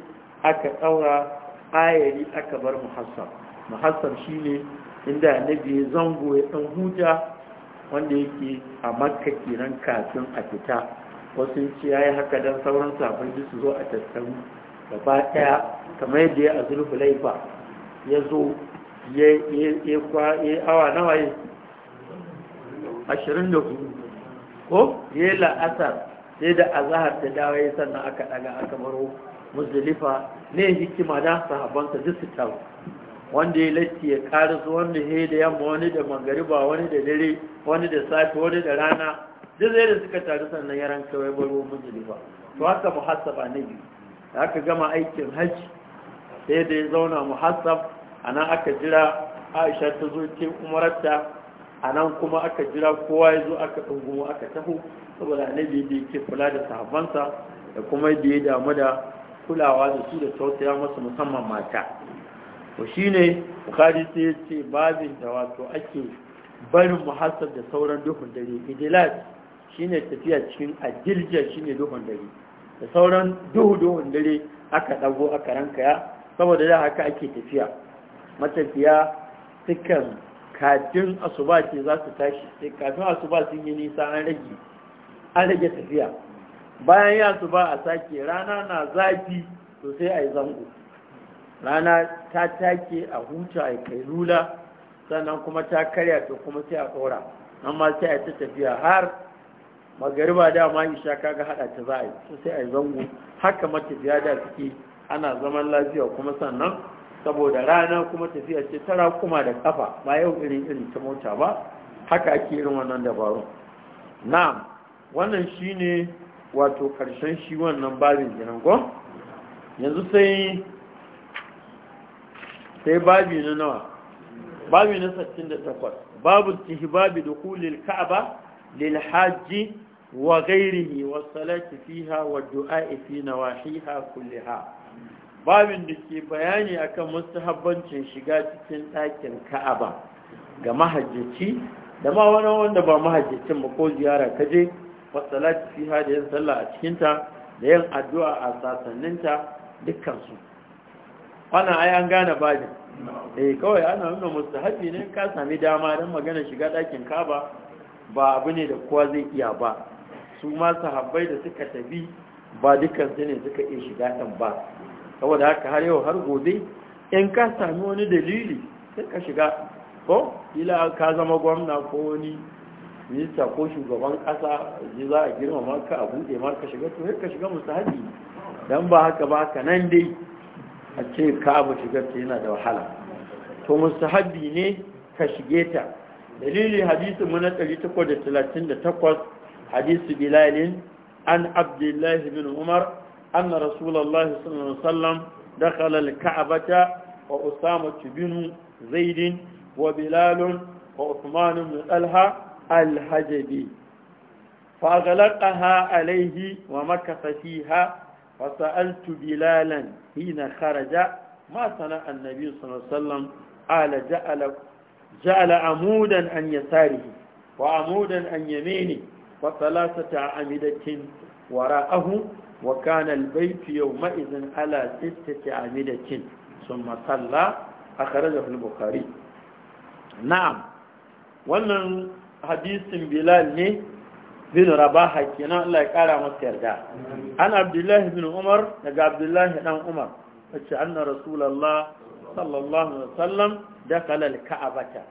aka daura ayari aka bar muhassab muhassab shine inda na ya zango ya ɗan huta wanda yake a makka kenan kafin a fita wasu ce ya yi haka don sauran safin su zo a tattaru gaba ɗaya kamar yadda ya azurfi laifa ya zo ya yi awa nawa yi 24 ko ya yi la'asar sai da azahar ta dawo ya sannan aka ɗaga aka baro muzdalifa ne hikima da sahabbansa duk su taru wanda ya lati ya karisu wanda ya da yamma wani da magariba wani da dare wani da safe wani da rana duk zai da suka taru sannan yaran ranka baro muzdalifa to haka muhassaba na biyu da aka gama aikin hajji sai da ya zauna muhassab a nan aka jira aisha ta zo ce a nan kuma aka jira kowa ya zo aka ɗungumo aka taho saboda annabi da yake kula da sahabbansa da kuma da ya damu da kulawa da su da tausaya masa musamman mata to shine bukhari sai ya ce babin da wato ake barin muhassar da sauran duhun dare idilat shine tafiya cikin adilja shine duhun dare da sauran duhu duhun dare aka ɗago aka rankaya saboda da haka ake tafiya matafiya sukan kafin asuba ce za su tashi sai kafin asuba sun yi nisa an rage an rage tafiya bayan ya asuba a sake rana na zafi to sai a yi zango rana ta take a huta a kai lula sannan kuma ta karya to kuma sai a tsora amma sai a ta tafiya har magariba dama isha kaga hada ta za a yi sai a yi zango haka matafiya da suke ana zaman lafiya kuma sannan saboda rana kuma tafiya ce tara kuma da kafa ba yau irin irin ta mota ba haka ake irin wannan dabarun na'am wannan shine wato karshen shi wannan babin kenan yanzu sai sai babi na nawa babi na 68 babu da kulil ka'aba lil hajji wa ghairihi was salati fiha wa du'a fi nawahiha ha babin da ke bayani akan mustahabbancin shiga cikin ɗakin ka'aba ga mahajjaci da ma wani wanda ba mahajjacin ba ko ziyara kaje wasalati fiha da yin sallah a cikinta da yin addu'a a sasanninta dukkansu wannan ai an gane bajin eh kawai ana nuna mustahabi ne ka sami dama don magana shiga ɗakin ka'aba? ba abu ne da kowa zai iya ba su ma sahabbai da suka tafi ba dukkan su ne suka iya shiga ɗan ba saboda haka har yau har gobe in ka sami wani dalili sai ka shiga ko ila ka zama gwamna ko wani minista ko shugaban kasa ji za a girmama ka a buɗe ma ka shiga to ka shiga musu haɗi don ba haka ba ka nan dai a ce ka abu shigar ta yana da wahala to musu ne ka shige ta dalili hadisi mu na 838 hadisi bilalin an abdullahi bin umar أن رسول الله صلى الله عليه وسلم دخل الكعبة وأسامة بن زيد وبلال وعثمان بن طلحة الحجبي فأغلقها عليه ومكث فيها فسألت بلالا حين خرج ما صنع النبي صلى الله عليه وسلم قال جعل جعل عمودا عن يساره وعمودا عن يمينه وثلاثة أعمدة وراءه wa kana albaytu yawma idhin ala sittati amidatin thumma salla akhrajahu al-bukhari na'am wannan hadisin bilal ne bin rabaha kenan Allah ya kara masa yarda an abdullahi bin umar daga abdullahi dan umar wacce anna rasulullah sallallahu alaihi wasallam da al-ka'abata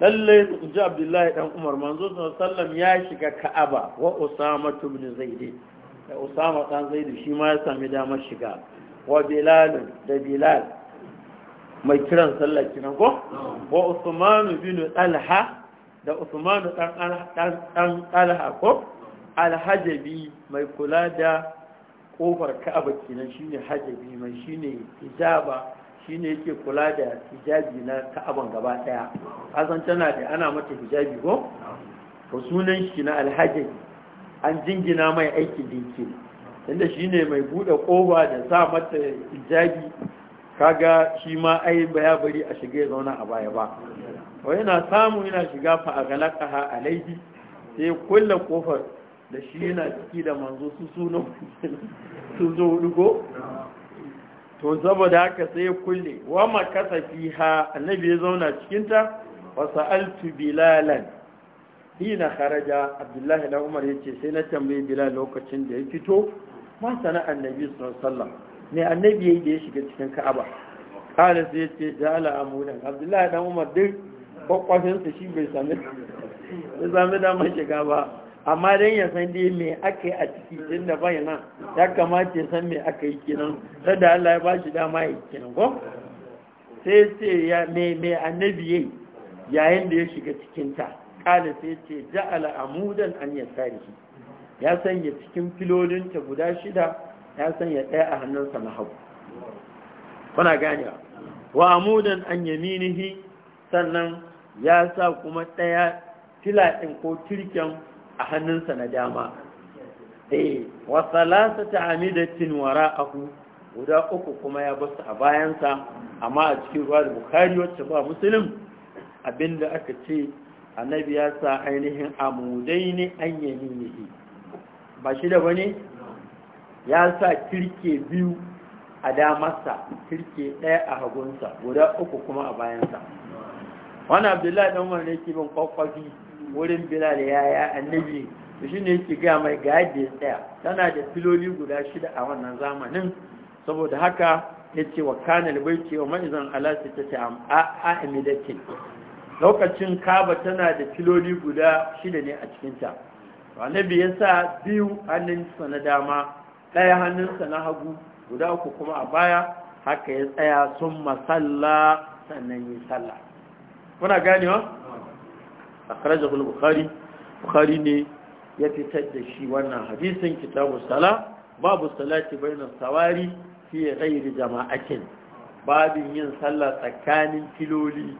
lalle inji abdullahi dan umar manzo sallallahu ya shiga ka'aba wa usama ibn zaid da usama ɗan zaidu shi ma ya sami damar shiga wa bilal da bilal mai kiran sallar kiran ko wa usman bin alha da usman dan alha ko alhajabi mai kula da kofar ka'aba kenan shine hajabi mai shine hijaba shine yake kula da hijabi na ka'aban gaba daya kasan tana da ana mata hijabi ko ko sunan shi na alhajabi an jingina mai aikin dinki inda shi ne mai buɗe ƙofa da sa mata hijabi kaga shi ma ai baya bari a shiga ya zauna a baya ba wa yana samu yana shiga fa a galakaha alaihi sai kulle kofar da shi yana ciki da manzo su suno su zo hudugo to saboda haka sai ya kulle wa makasa fiha annabi ya zauna cikinta wa sa'altu bilalan hina kharaja abdullahi dan umar yace sai na tambayi bilal lokacin da ya fito ma sana annabi sallallahu ne annabi yayi da ya shiga cikin ka'aba kana sai yace jala amudan abdullahi dan umar duk kwakwafin sa shi bai sami bai sami damar shiga ba amma dan ya san dai me aka yi a ciki tun da bai nan ya kamata ya san me aka yi kenan sai da Allah ya bashi dama ya kenan ko sai sai ya me me annabi yayi yayin da ya shiga cikin ta kala sai ce ja'ala amudan an ya tsari. ya sanya cikin filolinta guda shida ya sanya ɗaya a hannunsa na hagu kuna gane wa amudan an minihi sannan ya sa kuma ɗaya tilaɗin ko tirken a hannunsa na dama eh ta salasata amidatin wara'ahu guda uku kuma ya basu a bayansa amma a cikin ruwa da bukari wacce ba musulun abinda aka ce annabi ya sa ainihin amudai ne an nihi ba shi da wani ya sa kirke biyu a damarsa kirke ɗaya a hagunsa guda uku kuma a bayansa wani abdullahi ɗan wani ke bin kwakwafi wurin bilal ya ya annabi da shi ne ke gaya mai ga yadda ya tsaya tana da filoli guda shida a wannan zamanin saboda haka ya ce wa kanal bai ce wa ma'izan ala su ta ce a amidatin lokacin kaba tana da filoli guda shida ne a cikinta annabi ya sa biyu hannunsa na dama ɗaya hannunsa na hagu guda uku kuma a baya haka ya tsaya sun masalla sannan yi sallah kuna wa? a karajar bukhari bukhari ne ya fitar da shi wannan hadisin kitabu sala babu salati na sawari fiye da jama'akin babin yin sallah tsakanin filoli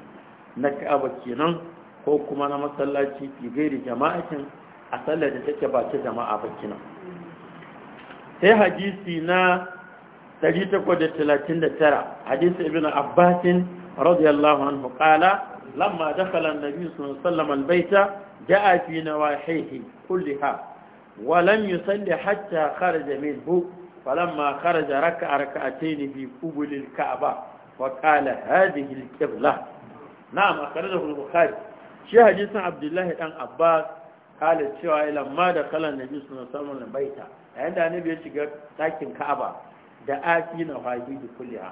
na ka'aba kenan ko kuma na masallaci fi gairi jama'atin a sallar da take ba ta jama'a ba kenan sai hadisi na 839 hadisi ibn abbasin radiyallahu anhu qala لما دخل النبي صلى الله عليه وسلم البيت جاء في نواحيه كلها ولم يصلي حتى خرج منه فلما خرج ركع ركعتين في قبل الكعبة وقال هذه الكبلة na'am akhrajahu al-bukhari shi hadisin abdullahi dan Abba kala cewa lamma da kalan nabi sallallahu alaihi wasallam baita yayin da annabi ya shiga dakin ka'aba da afina haibi da kulliha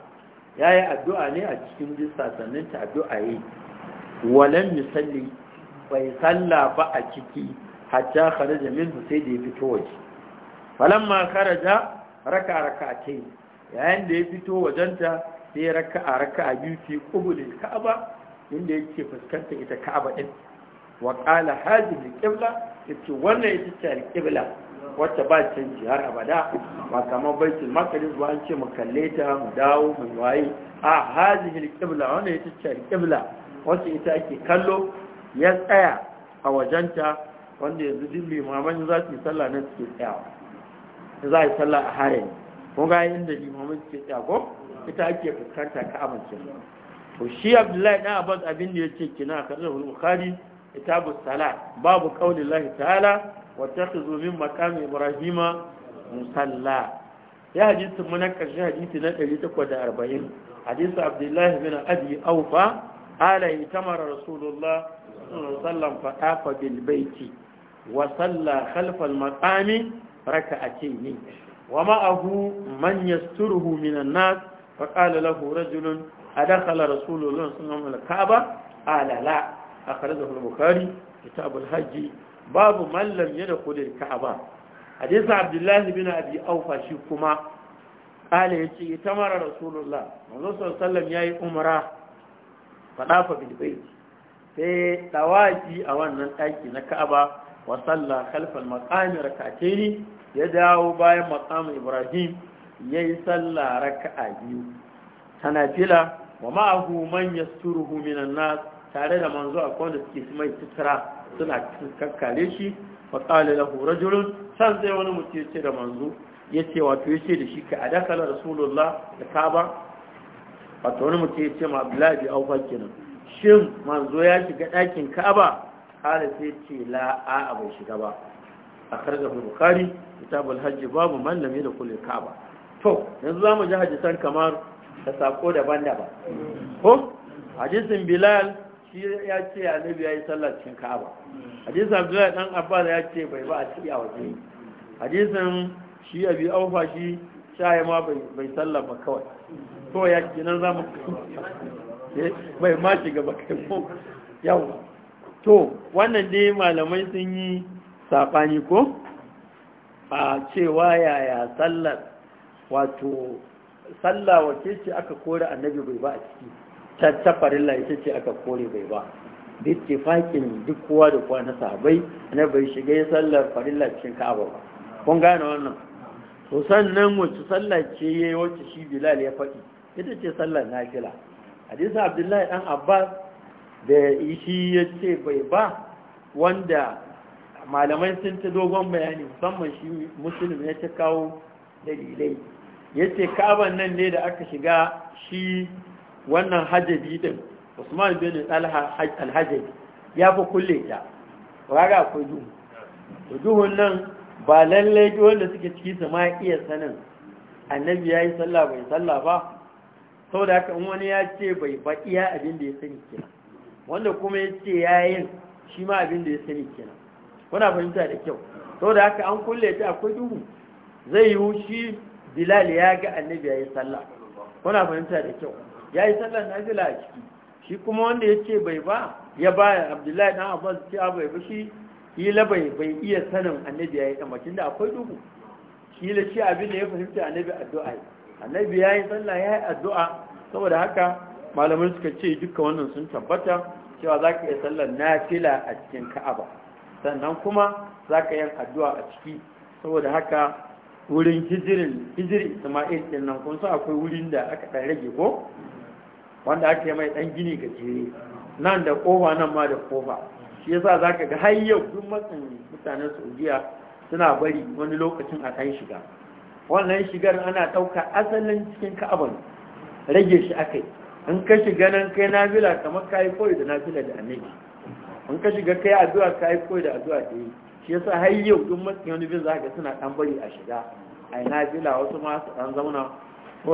yayi addu'a ne a cikin bisa sannan ta addu'a yi walam yusalli bai salla ba a ciki hatta kharaja minhu sai da ya fito waje falamma kharaja raka raka'atayn yayin da ya fito wajen ta sai raka'a a biyu fi qubulil ka'aba inda yake fuskanta ita ka'aba din wa qala hadhihi qibla yace wannan ita ce al-qibla wacce ba canji har abada ba kamar baitul maqdis ba an ce mu kalle ta mu dawo mu waye a hadhihi al-qibla wannan ita ce al-qibla wacce ita ake kallo ya tsaya a wajenta wanda yanzu duk limaman za su yi sallah nan suke tsayawa za a yi sallah a harin kun ga inda limaman suke tsaya ko ita ake fuskanta ka amince to shi abdullahi dan abbas abin da ya ce kina a karrahu bukhari kitabu salat babu qauli allah ta'ala wa takhuzu min maqami ibrahima musalla ya hadisi mun karshe hadisi na 840 hadisi abdullahi bin abi aufa ala itamara rasulullah sallallahu alaihi wasallam fa afa bil baiti wa salla khalfa al maqami raka'atayn ومعه من يستره من الناس فقال له رجل adakala rasulullah sun amma da kaba a lala a kare da bukari kitabul hajji babu mallam ya da kudin kaba hadisa abdullahi bin abi aufa shi kuma kale ya ce ita mara rasulullah manzo sallallahu ya yi umara fada fa bil bayt sai tawaji a wannan ɗaki na ka'aba wa salla khalfal maqamir katini ya dawo bayan maqam ibrahim yayi sallah raka'a biyu tana fila wa ma'ahu man yasturuhu minan nas tare da manzo a wanda suke mai sutura suna kakkare shi fa qala lahu rajulun san sai wani mutum yace da manzo yace wato yace da shi ka adakala rasulullah da kaba wato wani mutum yace ma abdullahi bi aufa kenan shin manzo ya shiga dakin kaba kala sai ce la a bai shiga ba a karga bukari kitabul hajj babu man lam yadkhul kaba to yanzu zamu ji hadisan kamar da sako daban-daban ko hadisin bilal shi ya ce nabi ya yi sallar cikin kaba. hadisin abdullahi dan abbas ya ce bai ba a ciki a waje hadisin shi abi aufa shi shaye ma bai sallar ba kawai to ya ce nan za mu eh, bai ma shiga ba kai ko yau? to wannan dai malamai sun yi saɓani ko a cewa yaya sallar wato sallah wace ce aka kore annabi bai ba a ciki tattafarin la ita ce aka kore bai ba duk ke fakin duk kowa da kowa na sahabai na bai shiga ya sallar farilla cikin ka'aba ba kun gane wannan to sannan wacce sallah ce yayi wacce shi bilal ya faɗi ita ce sallar nafila hadisin abdullahi dan abbas da shi ya ce bai ba wanda malamai sun ta dogon bayani musamman shi musulmi ya ta kawo dalilai yace kaban nan ne da aka shiga shi wannan hajabi din Usman bin Talha al-Hajabi ya fi kulle ta waga ko duhu duhun nan ba lalle wanda suke ciki su ma iya sanin annabi yayi sallah bai sallah ba saboda haka in wani ya ce bai ba ya abin da ya sani kenan wanda kuma ya ce yayin shi ma abin da ya sani kenan kuna fahimta da kyau saboda haka an kulle ta akwai duhu zai yiwu shi bilal ya ga annabi ya yi sallah kuna fahimta da kyau ya yi sallah na zila a ciki shi kuma wanda ya bai ba ya baya abdullahi dan abbas ce bai ba shi kila bai bai iya sanin annabi ya yi dan da akwai duhu kila shi abin da ya fahimta annabi addu'a annabi ya yi sallah ya yi addu'a saboda haka malamai suka ce duka wannan sun tabbata cewa zaka ka iya sallar nafila a cikin ka'aba sannan kuma zaka ka yin addu'a a ciki saboda haka wurin hijirin hijiri isma'il din nan kun san akwai wurin da aka dan rage ko wanda aka yi mai ɗan gini gajere nan da kofa nan ma da kofa shi yasa za ka ga har yau duk matsin mutanen saudiya suna bari wani lokacin a kai shiga wannan shigar ana dauka asalin cikin ka'aban rage shi akai in ka shiga nan kai nafila kamar ka yi koyi da nafila da annabi in ka shiga kai addu'a ka yi koyi da addu'a da yi shi yasa har yau duk matsayin wani bin za suna ɗan bari a shiga a yi wasu ma su ɗan zauna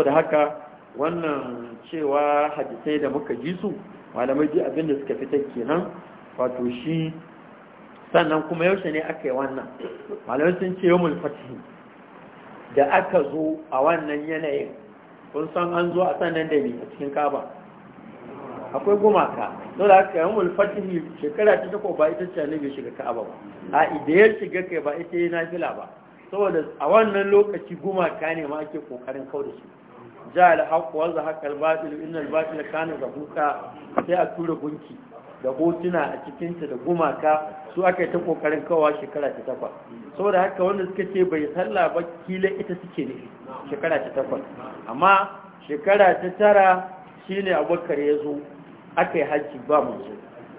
da haka wannan cewa hadisai da muka ji su malamai ji abin da suka fitar kenan wato shi sannan kuma yaushe ne aka yi wannan malamai sun ce yawon fatihi da aka zo a wannan yanayin kun san an zo a sannan da ne a cikin kaba akwai gumaka don da aka yawon fatihi shekara ta tako ba ita ce bai shiga ka'aba ba a idan shiga kai ba ita yi nafila ba saboda a wannan lokaci gumaka ne ma ake kokarin da shi ja alhaq wa al batil inna batil kana zahuka sai a tura gunki da hotuna a cikin ta da gumaka su aka yi ta kokarin kawa shekara ta takwas saboda haka wanda suka ce bai salla ba kila ita suke ne shekara ta takwas amma shekara ta tara shine abubakar ya zo aka yi hajji ba manzo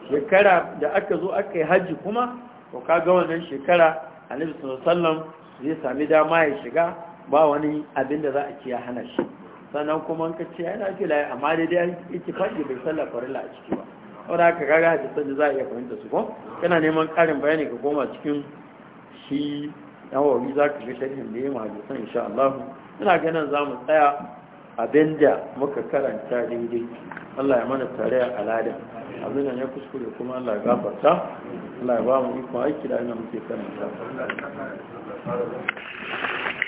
shekara da aka zo aka yi hajji kuma to ga wannan shekara annabi sallallahu zai sami dama ya shiga ba wani abin da za a ce ya hana shi sannan kuma ka ce yana lai amma dai dai yake faɗi bai sallah farilla a ciki ba saboda haka kaga hadisan da za a iya fahimta su ko kana neman karin bayani ka goma cikin shi wuri za ka ga sharhin da ya ma insha Allah ina ganin za mu tsaya da muka karanta daidai Allah ya mana tare a alada abin ya kuskure kuma Allah ya gafarta Allah ya ba mu ikon aiki da ina muke karanta